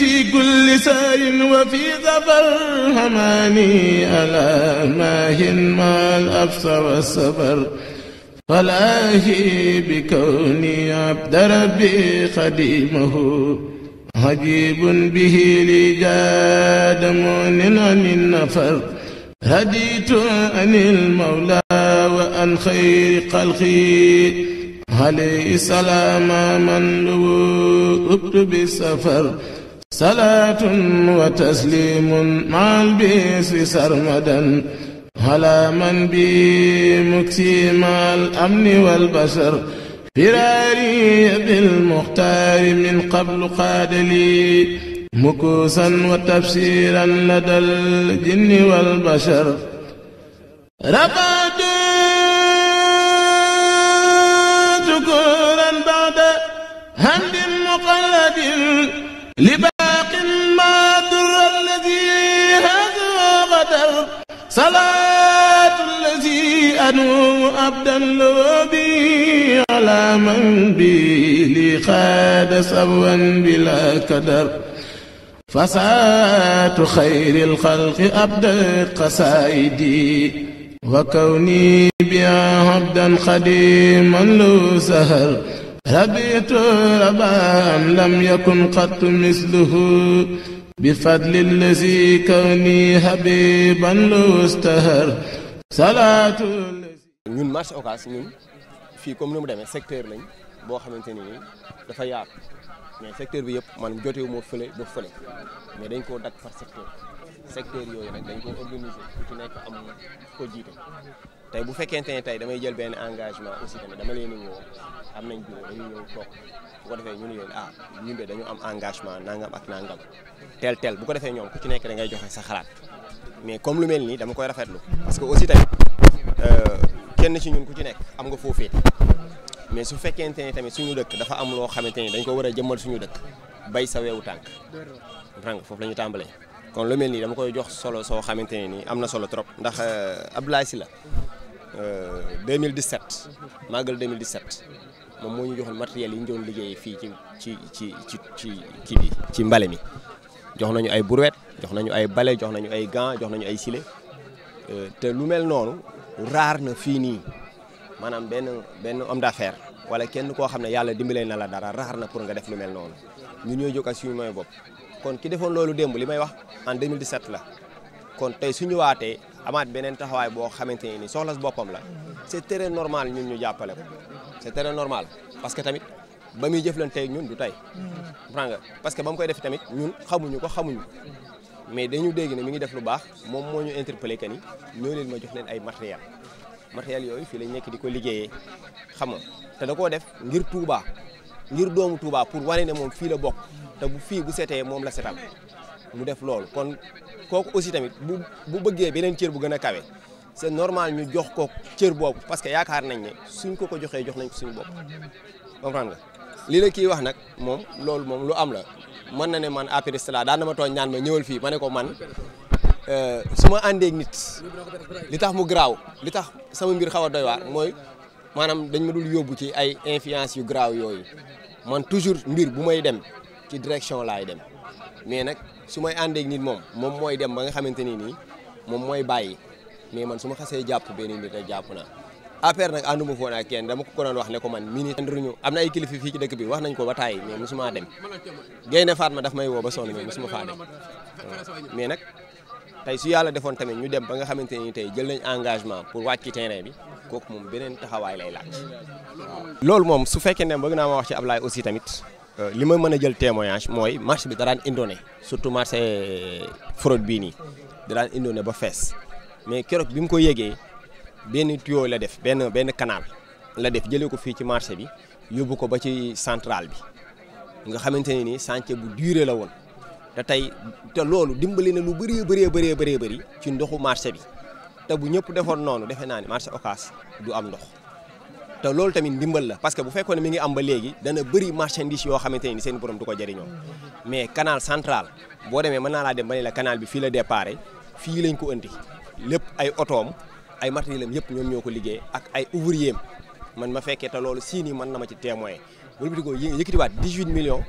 في كل سير وفي ظفر هماني ألا ماهن ما الأبصر والسفر فلاهي بكوني عبد ربي خديمه عجيب به لي جاد مؤن عن النفر هديت عن المولى وعن خير خلقي عليه السلام من لو بالسفر صلاة وتسليم مع البسر سرمدا على من بي مكسي مع الأمن والبشر فراري بالمختار من قبل قاد لي مكوسا وتفسيرا لدى الجن والبشر رقد شكورا بعد همد مقلد لبا salaatu lazi anumu abdan loo bi ala man bi li xaada sawan bila kadar fasaatu xayri lxalqi abda qasaayidi wa kawni bi abdan xadiman loo sahar ربيت ربا لم يكن قط مثله بفضل الذي كوني حبيبا لو استهر صلاة ñun marché Ocass ñun fii comme ni demee secteur lañ boo xamante ni nii dafa yaatu mais secteur bi yëpp maanaam jotewu moo fële mais dañ koo dagg par secteur secteur yooyu nag dañ ko organiser ku ci nekk am ko jiite tey bu fekkente ne tey damay jël benn engagement aussi tamit dama leen woo am nañ bureau defee ñu ne ah dañu am engagement nangam ak nangam tel tel bu ko defee ñoom ci nekk da ngay joxe sa mais comme lu mel nii dama koy rafetlu parce que aussi tamit euh, kenn ci ñun ku ci am nga foofee mais su fekkente ne tamit suñu dëkk dafa am loo xamante ni dañ ko war a jëmmal suñu dëkk bay sa weewu tànk rang foofu la ñu tàmbalee kon lu mel nii dama koy jox solo soo xamante ne nii am na solo trop ndax euh, Abdoulaye Sylla 2017 euh, màggal 2017 moom moo ñu joxoon matériel yi ñu doon liggéey fii ci ci ci ci ci kii bi ci mbale mi jox nañu ay brouette jox nañu ay balai jox nañu ay gants jox nañu ay silé euh, te lu mel noonu raar na fii nii maanaam benn benn homme d'affaires wala kenn koo xam ne yàlla dimbalee na la dara raar na pour nga def lu mel noonu ñun ñooy jóg ak suñu mooy bopp kon ki defoon loolu démb li may wax en 2017 la kon tey suñu waatee amaat beneen taxawaay boo xamante ne ni soxlas boppam la c'est très normal ñun ñu jàppale ko c'est très normal parce que tamit ba muy jëflante ñun du tey comprends nga parce que bam koy def tamit ñun xamuñu ko xamuñu mais dañu dégg ne mi ngi def lu baax moom moo ñu interpellé que ni ñoo leen ma jox leen ay matériel matériel yooyu fii lañ nekk di ko liggéeyee xam nga te da koo def ngir Touba ngir doomu Touba pour wane ne moom fii la bokk te bu fii bu setee moom la setal mu def loolu kon kooku aussi tamit bu bëggee beneen cër bu gën a kawe c'est normal ñu jox ko cër boobu parce que yaakaar nañ ne suñ ko ko joxee jox nañ ko suñu bopp comprendre nga lii la kii wax nag moom loolu moom lu am la mën na ne man apériste la daan na ma tooñ ñaan ma ñëwal fii ma ne ko man euh, su ma àndeeg nit li tax mu garaaw li tax sama mbir xaw a doy waar mooy maanaam dañu ma dul yóbbu ci ay influence yu graaw yooyu man toujours mbir bu may dem ci direction laay dem mais nag su may àndeek nit moom moom mooy dem ba nga xamante ni nii moom mooy bàyyi mais man su ma xasee jàpp benn mbir rek jàpp naa APR nag ànduma foon ak kenn dama ko ko doon wax ne ko man mini andruñu am na kilifa fii ci dëkk bi wax nañ ko ba tàyyi mais mosuma dem Gaynde Fatma daf may woo ba sonn mais mosuma faa dem mais nag tey su yàlla defoon tamit ñu dem ba nga xamante ni tey jël nañ engagement pour wàcc ci terrain bi kooku moom beneen taxawaay lay laaj loolu moom su fekkee ne bëgg naa ma wax ci Ablaye aussi tamit euh, li ma mën a jël témoignage mooy marché bi daraan indoone surtout marché fraude bii nii daraan indoone ba fees mais keroog bi mu ko yegee benn tuyau la def benn benn canal la def jëlee ko fii ci marché bi yóbbu ko ba ci centrale bi nga xamante ne ni chantier bu duré la woon te tey te loolu dimbali na lu bëree bëree bëree bari ci ndoxu marché bi. te bu ñëpp defoon noonu defe naa ne marché Ocass du am ndox te loolu tamit ndimbal la parce que bu fekkoon ne mi ngi am ba léegi dana bëri marchandise yoo xamante ni seen borom du ko jëriñoo mais canal central boo demee mën naa laa dem ba ne la canal bi fii la déparé fii lañ ko indi lépp ay otoom ay matériel am yëpp ñoom ñoo ko liggéey ak ay ouvrier man ma fekkee te loolu siini mën na ma ci témoin bulu biti ko yëkkatiwaat 18 millions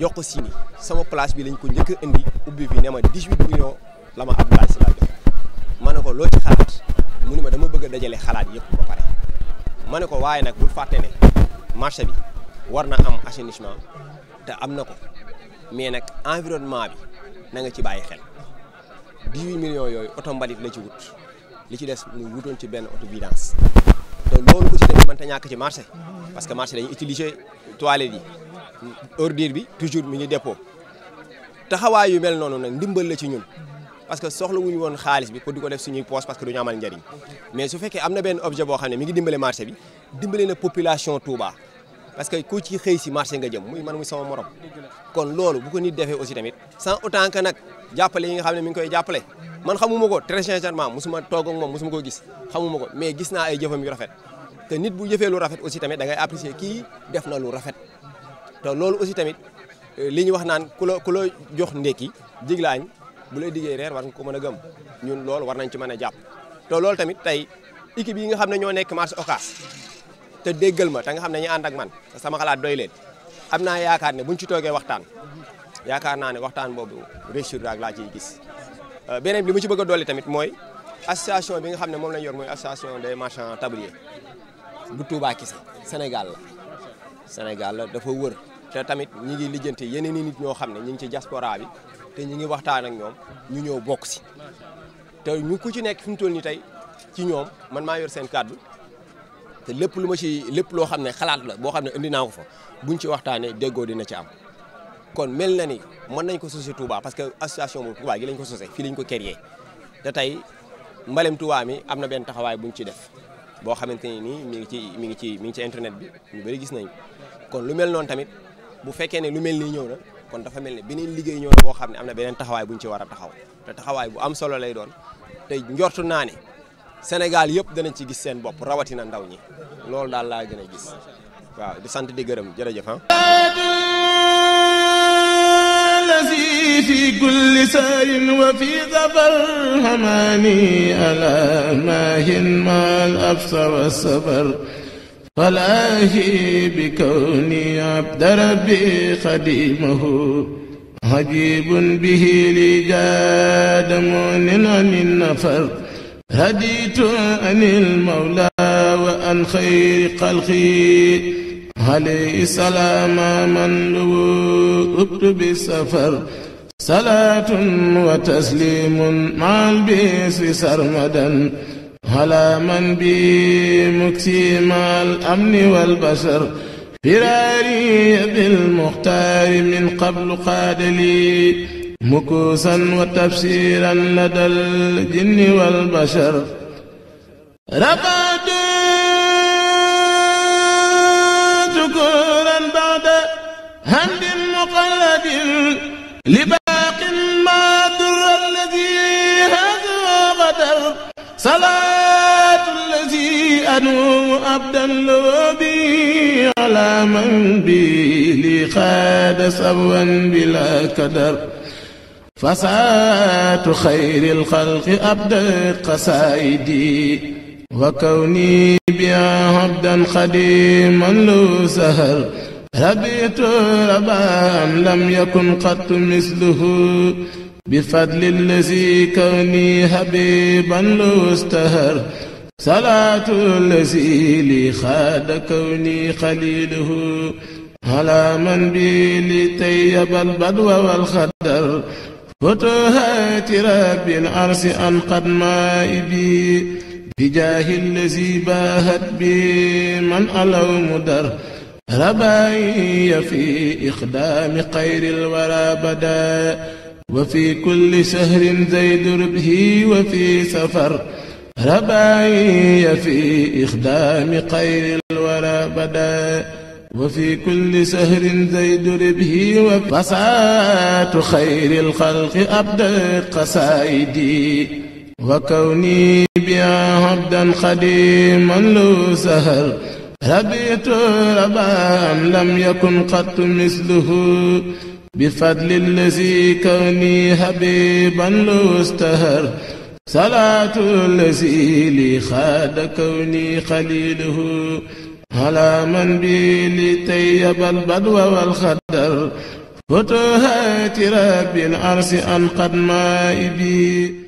jox ko siini sama place bi lañ ko njëkk a indi ubbi fi ne ma 18 millions la ma Abdoulaye Sylla ma ne ko loo ci xalaat mu ni ma dama bëgg a dajale xalaat yëpp ba pare ma ne ko waaye nag bul fàtte ne marché bi war na am assainissement te am na ko mais nag environnement bi na nga ci bàyyi xel 18 millions yooyu oto mbalit la ci wut li ci des mu wutoon ci benn oto vidange te loolu aussi dañu mënta ñàkk ci marché parce que marché dañuy utiliser toilettes yi ordure bi toujours mi ngi dépôt taxawaay yu mel noonu nag ndimbal la ci ñun parce que soxla wuñu woon xaalis bi pour di ko def suñuy poche parce que duñu amal njariñ mais su fekkee am na benn objet boo xam ne mi ngi dimbale marché bi dimbale na population Touba parce que ku ci xëy si marché nga jëm muy man muy sama morom kon loolu bu ko nit defee aussi tamit sans autant que nag jàppale yi nga xam ne mi ngi koy jàppale man xamuma ko très sincèrement musuma toog ak moom musuma ko gis xamuma ko mais gis naa ay jëfam yu rafet te nit bu jëfee lu rafet aussi tamit da ngay apprécier kii def na lu rafet te loolu aussi tamit euh, li ñu wax naan ku la ku la jox ndékki jiglaañ bu lay diggee reer war nga ko mën a gëm ñun loolu war nañ ci mën a jàpp te loolu tamit tey équipe yi nga xam ne ñoo nekk marché Ocass te déggal ma te nga xam ne ñu ànd ak man sama xalaat doy leen am naa yaakaar ne buñ ci toogee waxtaan yaakaar naa ne waxtaan boobu réussir daal laa ciy gis euh, beneen bi li ci bëgg a dolli tamit mooy association bi nga xam ne moom lañ yor mooy association de marchands tabliers bu Touba kese senegal la Sénégal la dafa wër te tamit ñi ngi lijjante yeneen i nit ñoo xam ne ñi ngi ci diaspora bi te ñi ngi waxtaan ak ñoom ñu ñëw bokk si te ñu ku ci nekk fi mu toll nii tey ci ñoom man maa yor seen kàddu te lépp lu ma ci lépp loo xam ne xalaat la boo xam ne indi naa ko fa buñ ci waxtaanee déggoo dina ci am kon mel na ni mën nañ ko sosé Touba parce que association boobu Touba gi lañ ko sosé fii lañ ko créé te tey mbalem Touba mi am na benn taxawaay buñ ci def boo xamante ni nii mi ngi ci mi ngi ci mi ci internet bi ñu bëri gis nañ kon lu mel noonu tamit bu fekkee ne lu mel nii ñëw na kon dafa mel ni beneen liggéey ñëw na boo xam ne am na beneen taxawaay buñ ci war a taxaw te taxawaay bu am solo lay doon te njortu naa ne Sénégal yëpp danañ ci gis seen bopp rawatina ndaw ñi loolu daal laa gën a gis waaw di sant di gërëm jërëjëf ah. دربي خديمه عجيب به لي جاد مؤمن عن النفر هديت عن المولى وعن خير خلقي عليه السلام من لوؤت بالسفر صلاة وتسليم مع البيس سرمدا على من بي مكسي مع الأمن والبشر firaari bilmuxtaari min qablu qaadali mukuusan wa tafsiiran ladal jinni wal bashar rabaatu kuran baada hamdin muqalladin li baaqin maa durra alladi hadu qadar salaatu alladi anumu abdan loo bi على من بي لي خاد سبوا بلا كدر فساعة خير الخلق أبدت قصائدي وكوني بها عبدا خديما له سهر ربيت ربا لم يكن قط مثله بفضل الذي كوني حبيبا له استهر salaatu lazi li xaada kawni xaliluhu ala man bi li tayyabal badwa wal xadar fotohaati rabbil arsi an qad maa'ibi bijaahi lazi baahat bi man alaw mudar rabaayi fi ixdaami xayril wara bada wa fi kulli sahrin zaydu rubhi wa fi safar رباعي في إخدام خير الورى بدا وفي كل سهر زيد ربه وفسات خير الخلق أبدت قصائدي وكوني بها عبدا خديما له سهر ربيت ربا لم يكن قط مثله بفضل الذي كوني حبيبا له استهر salaatu lazi li xaada kawni xaliluhu ala man bi li tayyabal badwa wal xadar fotohaati rabbil arsi an qad maa ibi